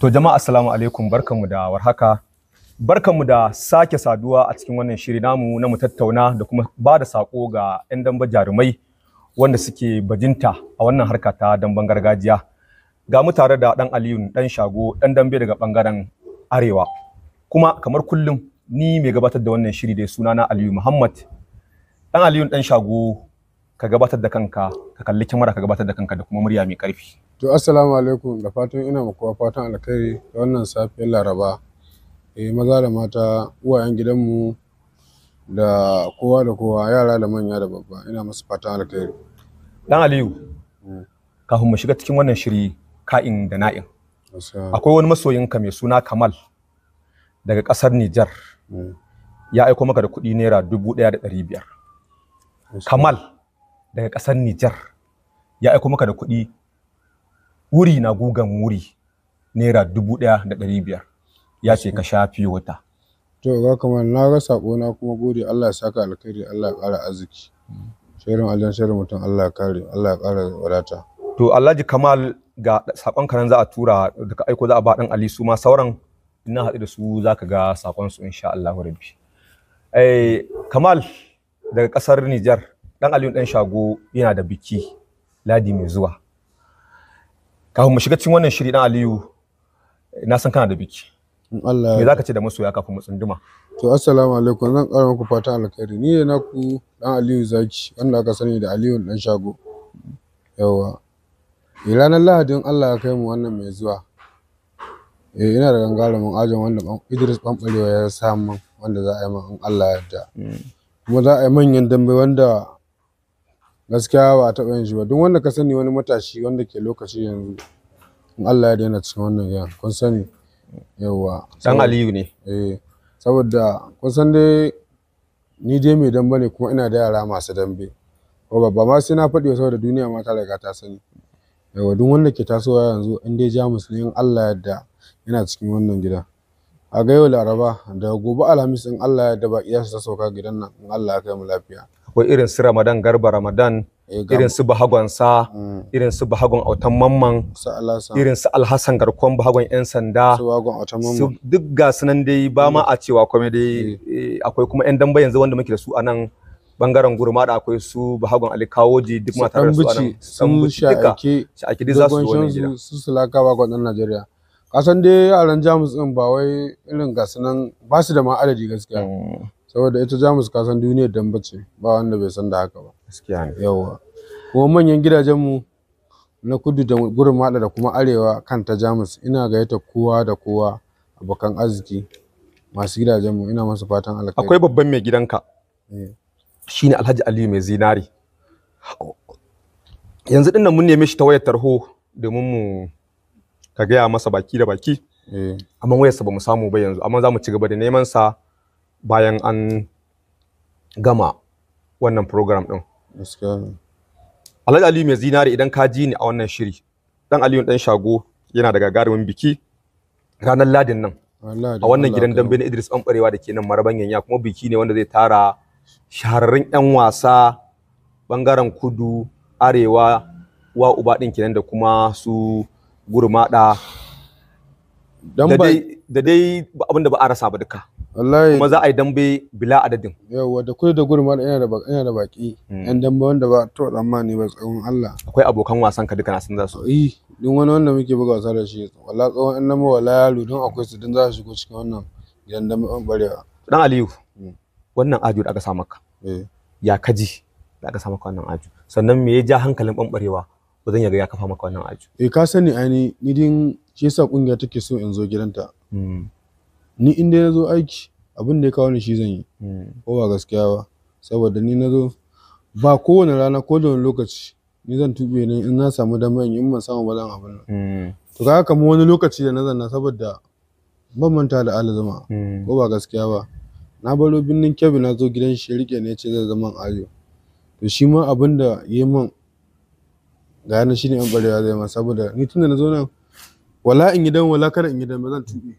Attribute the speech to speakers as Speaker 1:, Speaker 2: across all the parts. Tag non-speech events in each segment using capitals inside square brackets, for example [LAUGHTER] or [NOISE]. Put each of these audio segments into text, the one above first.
Speaker 1: To jama'a assalamu alaikum barkamu da warhaka. Barkamu da sake saduwa a cikin wannan shiri namu na mu tattauna da kuma ba da sako ga 'yan damba jarumai wanda suke bajinta a wannan harka ta damban gargajiya. Ga mu tare da ɗan Aliyu ɗan shago ɗan dambe daga ɓangaren Arewa. Kuma kamar kullum ni mai gabatar da wannan shiri dai na Aliyu Muhammad. Ɗan Aliyu ɗan shago ka gabatar da kanka ka kalli kyamara ka gabatar da kanka da kuma murya mai ƙarfi.
Speaker 2: To assalamu alaikum da fatan ina muku fatan alkhairi da wannan safiyar Laraba. Eh maza da mata uwayen gidanmu da kowa da kowa yara da manya da babba ina musu fatan alkhairi.
Speaker 1: Dan Aliyu kafin mu shiga cikin wannan shiri ka'in da na'in. Akwai wani masoyinka mai suna Kamal daga ƙasar Nijar. Mm. Ya aiko maka da kuɗi naira dubu ɗaya da ɗari biyar. Kamal daga ƙasar Nijar ya aiko maka da kuɗi wuri na gugan wuri naira dubu ɗaya da ɗari biyar ya ce ka sha fiye wata
Speaker 2: to ga kamar na ga sako na kuma gode Allah ya saka alkhairi Allah ya ƙara arziki shirin aljan shirin mutum Allah ya kare Allah ya ƙara wadata to Alhaji Kamal ga sakon karan za a tura da
Speaker 1: ka aiko za a ba dan Ali su ma sauran ina haɗu da su zaka ga sakon su insha Allah rabbi eh Kamal daga kasar Niger dan Aliyu dan Shago yana da biki ladi mai zuwa kafin mu shiga cikin wannan shiri dan Aliyu na san kana da biki Allah me zaka ce da masoya kafin mu tsunduma
Speaker 2: to assalamu alaikum zan kara muku fatan alkhairi ni ne naku dan Aliyu Zaki wanda aka sani da Aliyu dan Shago yawa eh ranar Lahadin Allah ya kai mu wannan mai zuwa eh ina da gangarumin ajin wanda Idris Bambarewa ya samu wanda za a yi min Allah ya yarda mm. kuma za a yi manyan dambe wanda gaskiya ba a taɓa yin shi ba duk wanda ka sani wani matashi wanda ke lokaci yanzu in Allah ya daina cikin wannan yan kun sani yawa dan Aliyu ne eh saboda kun san dai ni dai mai dambe ne kuma ina da yara masu dambe ko babba ma sai na faɗi saboda duniya ma ta riga ta sani yawa duk wanda ke tasowa yanzu in dai jamus ne in Allah ya yarda yana cikin wannan gida a ga yau laraba da gobe alhamis in Allah ya yarda ba iya sa ta sauka gidan nan in Allah ya kai mu lafiya
Speaker 1: akwai irin su Ramadan Garba Ramadan eh, irin su Bahagon Sa mm. irin su Bahagon Autan Mamman irin su Alhassan Garkon Bahagon Yan Sanda su duk ga sunan dai ba ma a cewa kome dai mm. eh, akwai kuma yan damba yanzu wanda muke da su a nan bangaren gurma da akwai su bahagon alikawoji duk ma tare da su anan sun duka sha'aki za su wani gida
Speaker 2: su sulaka ba gwanan Najeriya kasan dai yaran Jamus din ba wai irin ga sunan ba su da ma adadi gaskiya mm. saboda ita jamus ka san duniyar dan bace. ba wanda bai san da haka ba gaskiya ne yawa kuma manyan gidajenmu na kudu da gurin mada da kuma arewa kan ta jamus ina gayyata kowa da kowa abokan arziki masu gidajenmu ina masu fatan alkhairi akwai babban mai gidanka eh. shine alhaji aliyu mai zinari
Speaker 1: yanzu dinnan mun neme shi ta wayar tarho domin mu ka gaya masa baki da baki eh. amma wayarsa ba mu samu ba yanzu amma za mu ci gaba da neman sa bayan an gama wannan program ɗin. Alhaji Aliyu mai zinari idan ka ji ni a wannan shiri dan Aliyu dan shago yana daga gagarumin biki ranar ladin nan a wannan gidan dambe na Idris Ɓanɓarewa da ke nan maraban yanya kuma biki ne wanda zai tara shahararrun 'yan wasa bangaren kudu arewa wa uba ɗin kenan da kuma su gurmaɗa da dai abin da ba a rasa ba duka wallahi kuma za a yi dambe
Speaker 2: bila adadin yawa da kudi da gurma yana da yana da baki hmm. yan dambe wanda ba to tsammani ba tsawon Allah akwai abokan wasan ka duka na san za su yi duk wani wanda muke buga wasa da shi wallahi tsawon yan dambe wallahi yalo don akwai su don za su shigo cikin wannan yan dambe an barewa
Speaker 1: dan Aliyu hmm. wannan ajo da aka sa maka eh. ya kaji da aka sa maka wannan aju sannan me ya ja hankalin bambarewa ba zan yaga ya kafa maka wannan aju.
Speaker 2: eh ka sani ani ni din shi yasa kungiya take so in zo gidanta hmm. ni inda na zo aiki abin da ya kawo ni shi zan yi hmm. ko ba gaskiya ba saboda ni na zo ba kowane rana ko da wani lokaci ni zan tuɓe ne in na samu damar in ban samu ba zan abin nan hmm. to ka kamar wani lokaci da na zanna saboda ban manta da ala zama hmm. ko ba gaskiya ba na baro birnin kebi na zo gidan shi rike ne ce zai zama ayo to shi ma abin da ya man ga yana shine an barewa zai ma saboda ni tunda na zo nan wala in gidan wala kada in gidan ba zan tuɓe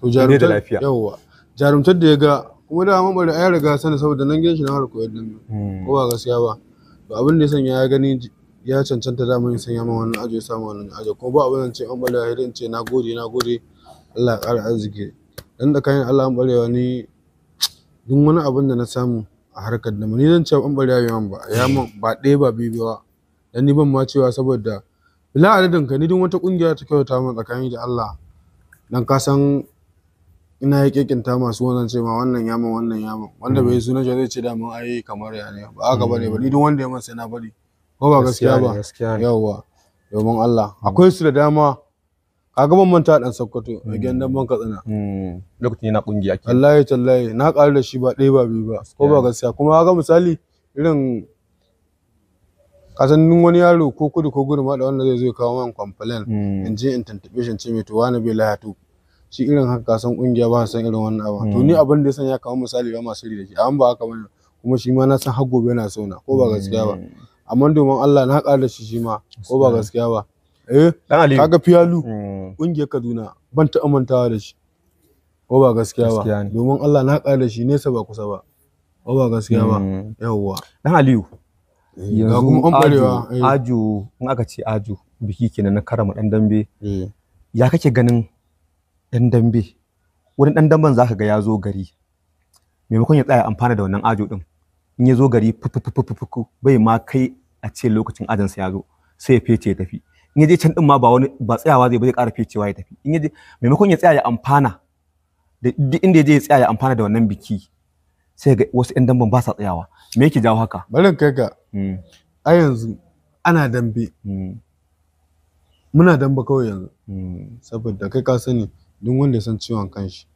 Speaker 2: to jarumtar yawa jarumtar da ya ga kuma da amma bari ya riga sani saboda nan gidan shi na harko yadda hmm. ko ba gaskiya ba to abin da ya sanya ya gani ya cancanta da mun sanya ma wannan ajo ya samu wannan ajo ko ba abin ce an bari ya hirin ce nagode nagode Allah ya ƙara arziki dan da kayan Allah an bari wani duk wani abin da na samu a harkar da ni zan ce an bari ya man ba ya man ba ɗaya ba biyu ba dan ni ban ma cewa saboda bila adadin ka ni duk wata kungiya ta kyauta mun tsakanin da Allah dan ka san ina ya kekinta masu wannan ce ma wannan yaman wannan yaman wanda bai hmm. sunan ce zai ce da mun ayi kamar ya ne ba haka bane ba ni hmm. duk wanda ya masa na bari ko ba gaskiya ba yawwa domin Allah hmm. akwai su da dama kaga gaban manta dan Sokoto a gidan ban Katsina lokacin yana kungiya ke wallahi tallahi na karu da shi ba dai ba biyu ba ko ba gaskiya kuma ga misali irin kasan wani yaro ko kudu ko gudu ma da wanda zai zo kawo man complain in je in tantabe shi in ce mai to wani bai lahatu shi irin haka ka san kungiya ba san irin wannan abu to ni hmm. abin da ya sanya kamar misali ba masu da shi amma ba haka bane kuma shi ma na san har gobe na sauna ko ba gaskiya ba hmm. amma domin Allah na ƙara da shi shi ma ko ba gaskiya ba eh dan Ali kaga fiyalu kungiyar hmm. Kaduna ban ta amantawa da shi ko ba gaskiya ba domin Allah na ƙara da shi nesa ba kusa ba ko ba gaskiya ba yawwa dan Aliyu eh, yanzu
Speaker 1: ajo eh. in aka ce ajo biki kenan na karama dan dambe eh. ya kake ganin ɗan dambe wani ɗan damben za ka ga ya zo gari maimakon ya tsaya amfana da wannan ajo ɗin in ya zo gari fufufufufufu bai ma kai a ce lokacin ajansa ya zo sai ya fece ya tafi in ya je can ɗin ma ba wani ba tsayawa zai ba zai ƙara fecewa ya tafi in ya je maimakon ya tsaya ya amfana da duk inda ya je ya tsaya ya amfana da wannan biki sai ga wasu ɗan damben ba sa tsayawa me yake jawo haka bari kai ga hmm. a
Speaker 2: yanzu ana dambe hmm. muna damba kawai yanzu hmm. saboda kai ka sani duk wanda ya san ciwon kanshi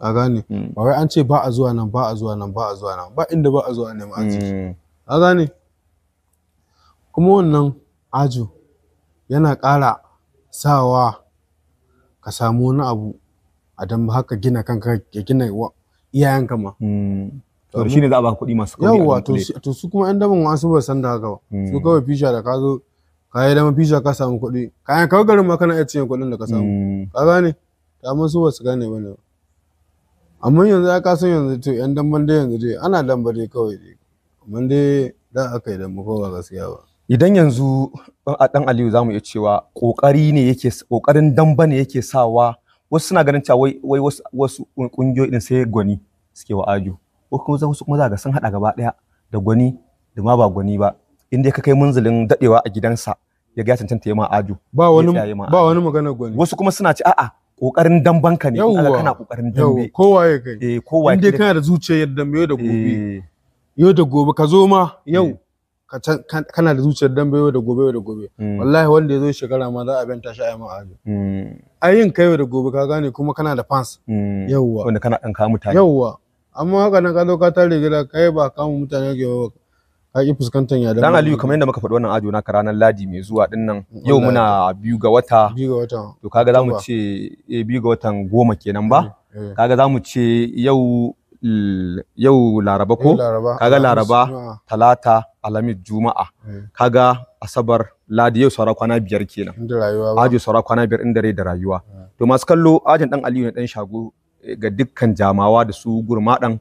Speaker 2: ka gane hmm. ba wai an ce ba a zuwa nan ba a zuwa nan ba a zuwa nan ba inda ba a zuwa neman ce. Hmm. ka gane kuma wannan ajo yana ƙara sawa ka samu wani abu a dan haka gina kanka ya gina iyayenka ma hmm. to shine za a baka
Speaker 1: kuɗi masu kauri yawa
Speaker 2: to su kuma yan daban wasu ba san da haka ba su kawai fisha da ka zo ka yi dama fisha ka samu kuɗi kayan kawai garin ma kana iya cinye kuɗin da ka samu ka gane ta su wasu gane ba ne ba amma yanzu ya kasan yanzu to yan damban da yanzu dai ana damba dai kawai dai amma dai da aka yi kawai ba gaskiya ba
Speaker 1: idan yanzu a dan Aliyu zamu iya cewa kokari ne yake kokarin damba ne yake sawa wasu suna ganin cewa wai wasu wasu kungiyoyi din sai gwani suke wa ajo ko kuma za kuma za ga sun hada gaba daya da gwani da ma ba gwani ba inda ka kai munzulin dadewa a gidansa ya ga ya cancanta ya ma ajo ba wani ba wani magana gwani wasu kuma suna ce a'a kokarin damban ka ne kaga kana kokarin dambe kowa
Speaker 2: ya kai eh kowa inda eh. eh. kana da zuciyar dambe yau da gobe yau da gobe ka zo ma yau kana da zuciyar dambe yau da gobe yau da gobe wallahi wanda ya zo shekara ma za a benta shi a yi ma'aji hmm. a yin kai yau da gobe ka gane kuma kana da fans hmm. yauwa wanda kana ɗan kawo mutane yauwa amma haka nan ka zo ka tare gida kai ba kama mutane ke yau haƙi fuskantar ya dan Aliyu kamar
Speaker 1: yadda muka faɗi wannan ajo naka ranar Ladi mai zuwa din nan yau muna biyu ga wata biyu ga wata to kaga zamu ce eh biyu ga watan goma kenan ba eh, eh. kaga zamu ce yau yau Laraba ko kaga Laraba Talata Alhamis Juma'a eh. kaga Asabar Ladi yau saura kwana biyar kenan ajo saura kwana biyar inda rai da rayuwa to masu kallo ajin dan Aliyu ne dan shago ga dukkan jamawa da su gurmaɗan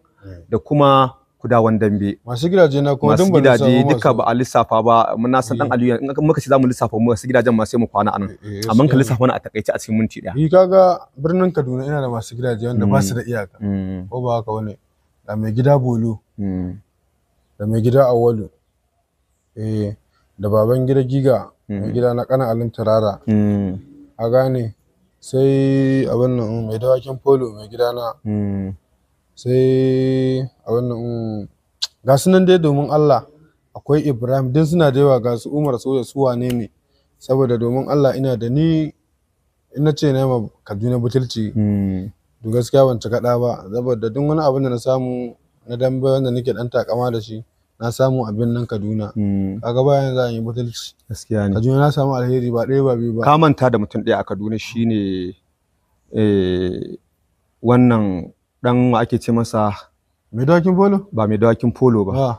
Speaker 1: da kuma kudawan dambe
Speaker 2: masu gidaje na kuma masu gidaje duka
Speaker 1: ba a lissafa ba mun na san dan eh. aliyu in muka ce zamu lissafa mu masu gidajen masu mu kwana anan eh, eh, amma ka lissafa na a takaice a cikin
Speaker 2: minti daya ni kaga birnin Kaduna ina da masu gidaje wanda ba su da mm. iyaka mm. ko ba haka wani da mai gida Bolu mm. da mai gida Awalu eh da baban gida Giga mai gida na kana Alin Turara a gane sai abin nan mai dawakin polo mai gida na sai a wannan mm, ga su nan dai domin Allah akwai Ibrahim din suna da yawa ga su Umar Soja su wane ne saboda domin Allah ina da ni ina ce na Kaduna butulci hmm. to gaskiya ban cika da ba saboda duk wani abin da na samu na dambe wanda nake dan takama da shi na samu abin nan Kaduna hmm. kaga bayan za a yi butulci gaskiya ne Kaduna na samu alheri ba ɗaya ba biyu ba ka
Speaker 1: manta da mutum ɗaya a Kaduna shine eh wannan dan wa ake ce masa mai dawakin polo ba mai dawakin polo ba ah,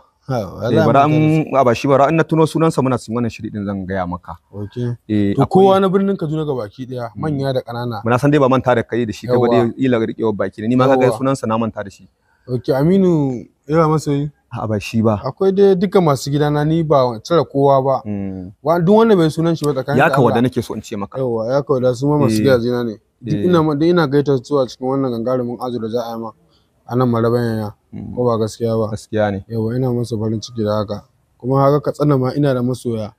Speaker 2: eh bara an
Speaker 1: ba shi bara an na tuno sunansa muna cikin wannan shiri din zan gaya maka okay eh to kowa na birnin Kaduna ga baki daya hmm. manya
Speaker 2: da kanana muna san dai
Speaker 1: ba manta da kai da shi ka ba dai ila rikewa baki ne ni ma sunan sunansa na manta da shi
Speaker 2: okay Aminu yawa masoyi a ba shi ba akwai dai duka masu gidana ni ba tsara kowa ba hmm. wa duk wanda bai sunan shi ba tsakanin ya ka da nake so in ce maka yawa ya ka da su ma masu zina eh. ne Eh. ina ma ina gaita zuwa cikin wannan gangarumin azu da za a yi ma a nan maraba yaya mm. ko ba gaskiya ba gaskiya ne yawa ina masa farin ciki da haka kuma haka ka tsana ma ina da masoya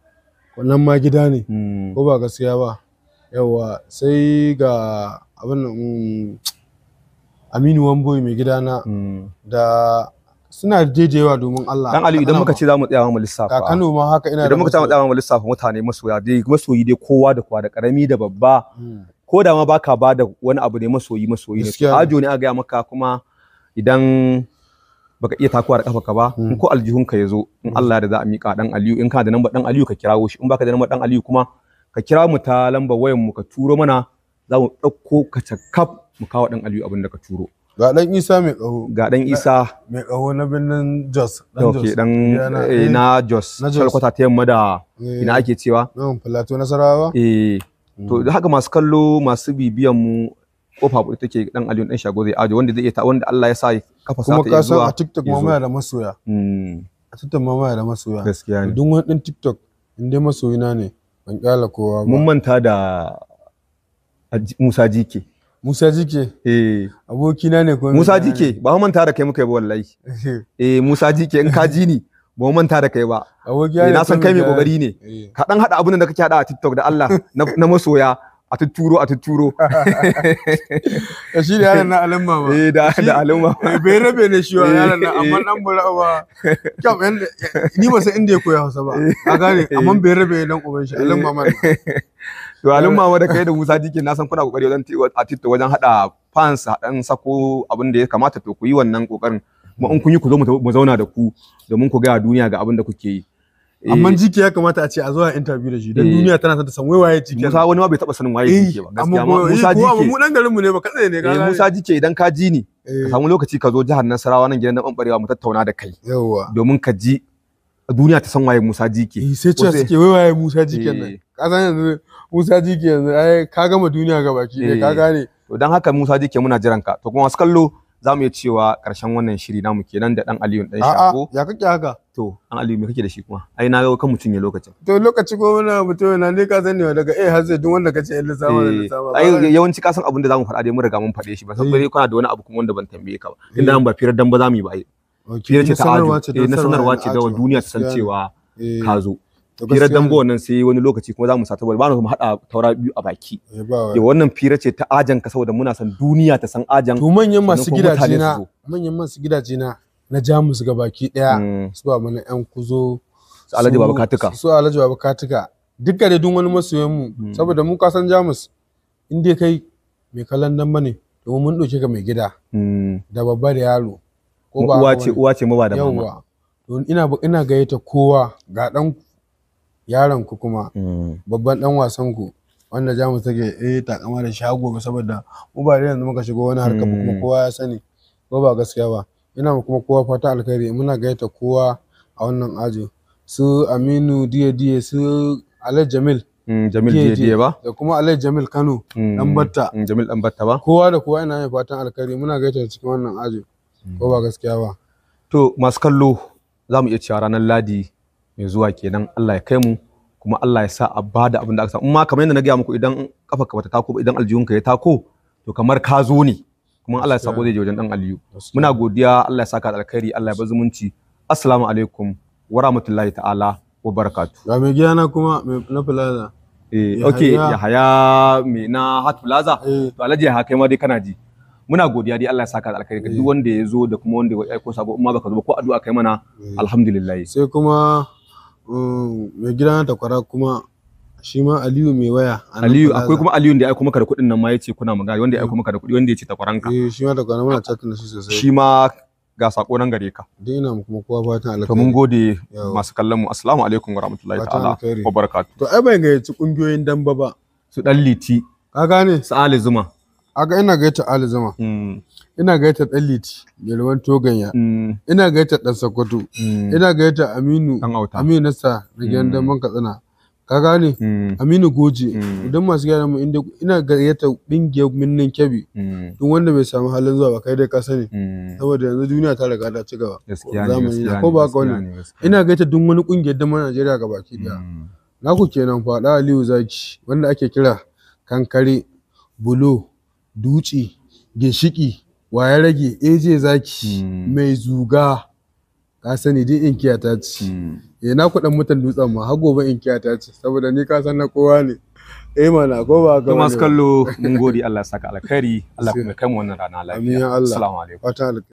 Speaker 2: wannan ma gida ne mm. ko ba gaskiya ba yawa sai ga abin nan mm, Aminu Wamboyi mai gidana da suna jejewa domin Allah. Dan Aliyu idan muka ce
Speaker 1: za mu tsaya mu lissafa. Ka Kano
Speaker 2: ma haka ina idan muka ce mu
Speaker 1: tsaya mu lissafa mutane masoya dai masoyi dai kowa da kowa da karami da babba ko da ma baka ba da wani abu ne masoyi masoyi ne ajo ne a gaya maka kuma idan baka iya takuwa da kafa ba in hmm. ko aljihun ka yazo in Allah da za a mika dan Aliyu in ka da namba dan Aliyu ka kirawo shi in baka da namba dan Aliyu kuma ka kira mu ta lamba wayar mu ka turo mana za mu dauko ka cakkaf mu kawo dan Aliyu abin da ka turo ga dan Isa mai kaho ga dan Isa
Speaker 2: mai kaho na binnin Jos dan Jos dan eh, na Jos shalkwata ta yamma
Speaker 1: da eh. ina ake cewa
Speaker 2: na Plateau Nasarawa
Speaker 1: eh to da haka masu kallo masu bibiyan mu kofa ita ke dan Aliyu dan Shago zai aje wanda zai ta wanda Allah ya sa kafa sa ta zuwa kuma ka hmm. a TikTok ma mai da
Speaker 2: masoya a TikTok ma mai da masoya gaskiya ne duk wani dan TikTok in dai masoyina ne ban kyala kowa ba mun manta da Musa Jike Musa Jike eh abokina ne ko Musa Jike ba mun manta da kai muka
Speaker 1: yi wallahi [LAUGHS] eh Musa Jike in ka ji ni ba manta da kai ba eh, na san kai mai kokari ne eh. ka dan hada abun da kake hada a TikTok da Allah na masoya a tutturo a tutturo
Speaker 2: [LAUGHS] eh, shi da yaran na alamma ba eh da da alamma bai rabe ne shi wa yaran na amma dan burawa kyau ni ba san inda ya koya Hausa ba a gane amma bai rabe dan uban shi alamma ma [LAUGHS] to alamma ma da kai da Musa Dikin na san kuna
Speaker 1: kokari wajen a TikTok wajen hada fans hadan sako abin da ya kamata to ku yi wannan kokarin kuma in kun yi ku zo mu zauna da ku domin ku ga duniya ga abin da kuke yi eh. amma jiki
Speaker 2: ya kamata a ce a zo a interview da shi dan eh. duniya tana son ta san wai waye jiki Musa wani ma bai taba
Speaker 1: sanin waye eh, jiki ba gaskiya Musa jiki mu dan
Speaker 2: garin mu ne ba kada ne ga Musa
Speaker 1: jiki idan ka ji ni ka samu lokaci ka zo jihar Nasarawa
Speaker 2: nan gidan dan banbarewa mu tattauna da kai
Speaker 1: yawa domin ka ji duniya ta san waye Musa jiki sai ce suke wai waye Musa jiki nan
Speaker 2: ka san yanzu Musa jiki yanzu ai ka gama duniya gabaki ne ka gane
Speaker 1: to dan haka Musa jiki muna jiran ka to kuma wasu kallo za mu iya cewa ƙarshen wannan shiri namu kenan da ɗan Aliyu ɗan shago.
Speaker 2: A'a ya kake haka?
Speaker 1: To dan Aliyu me kake da shi kuma? Ai na ga kan mutum ya lokacin.
Speaker 2: To lokaci ko wani mutum na ne ka sani daga eh har zai duk wanda kace in sama da eh, sama. Ai
Speaker 1: yawanci ka san abin da zamu faɗa dai mun riga mun faɗe shi ba saboda eh. kana da wani abu kuma wanda ban tambaye ka ba. Inda eh. nan ba firar dan ba za mu yi ba ai. Firar ce ta ado. na sanarwa ce da duniya ta san cewa ka zo. firar dambo nan sai wani lokaci kuma za mu sata ba mu haɗa taura biyu a baki
Speaker 2: ya eh, wannan
Speaker 1: fira ce ta ajan ka saboda muna san duniya ta san ajan to manyan masu gidaje na
Speaker 2: manyan masu gidaje na na jamus ga baki daya mm. su ba mana yan kuzo su alhaji baba katuka su alhaji baba katuka dukkan da dun wani masoyan mu mm. saboda mu ka san jamus in dai kai mai kallon nan bane domin mun dauke ka mai gida mm. da babba da yaro ko ba uwa ce uwa ce mu ba da mama ina ina gayyata kowa ga dan yaron ku kuma mm. babban dan wasan ku wanda jamus take eh takama da shago ba saboda mu ba yanzu muka shigo wani harka kuma mm. kowa ya sani ko ba gaskiya ba ina kuma kowa fata alkhairi muna gaita kowa a wannan aji su Aminu Diye Diye su Alhaji Jamil mm, Jamil Diye Diye ba da kuma Alhaji Jamil Kano dan batta Jamil dan batta ba kowa da kowa ina mai fatan alkhairi muna gaita cikin wannan aji ko ba gaskiya ba to masu kallo za mu iya cewa ranar ladi mai zuwa kenan Allah ya
Speaker 1: kai mu kuma Allah ya sa a ba da abin da aka samu amma kamar yadda na gaya muku idan kafarka bata tako ba idan ka ya tako to kamar ka zo ne kuma Allah ya sako zai je wajen dan Aliyu muna godiya Allah ya saka da alkhairi Allah ya bar zumunci assalamu alaikum wa rahmatullahi ta'ala wa barakatuh
Speaker 2: ga mai na kuma na plaza
Speaker 1: eh okay ya haya
Speaker 2: mai na hat plaza
Speaker 1: eh. to alaji ya kai ma dai kana ji muna godiya dai Allah ya saka da alkhairi ga duk eh. wanda ya zo da kuma wanda ya aiko sabo amma baka zo ba ko addu'a kai mana eh. alhamdulillah sai kuma Mm, mai
Speaker 2: gida na takwara kuma shi ma Aliyu mai waya Aliyu akwai kuma
Speaker 1: Aliyu da ya aiko maka da kuɗin nan ma yace kuna magana wanda ya aiko maka da kuɗi wanda takwaran ka. eh shi ma takwara muna chatting da shi sosai shi ma ga sako nan gare ka
Speaker 2: dai ina kuma kowa fatan alkhairi to mun gode
Speaker 1: masu kallon mu assalamu alaikum wa rahmatullahi ta'ala wa
Speaker 2: barakatuh to ai bai gayyaci kungiyoyin damba ba su dan liti ka gane su Ali Zuma aga ina gaita Ali Zama. Mm. Ina gaita Daliti Liti, Yalwan Toganya. Mm. Ina gaita Dan Sokoto. Mm. Ina gaita Aminu, Aminu Nasa, Rigen Damban Katsina. Ka gane? Aminu Goje. Idan masu gyara mu inda ina gaita bingiyar minnin Kebbi. Duk wanda bai samu halin zuwa ba kai dai ka sani. Saboda yanzu duniya ta riga ta ci gaba. Zamani na ko ba ka wani. Ina gaita duk wani kungiyar dama Najeriya gabaki daya. Na ku kenan faɗa Aliyu Zaki wanda ake kira kankare bulo dutse ginshiki wa ya rage eje eh, zaki hmm. mai zuga ka sani din inkiya ta ci hmm. eh na kudan mutan dutsen ma har gobe inkiya ta ci saboda ni ka san na kowa ne eh mana ko ba ga masu kallo mun gode
Speaker 1: Allah saka alkhairi Allah kuma kai mu wannan rana lafiya assalamu alaikum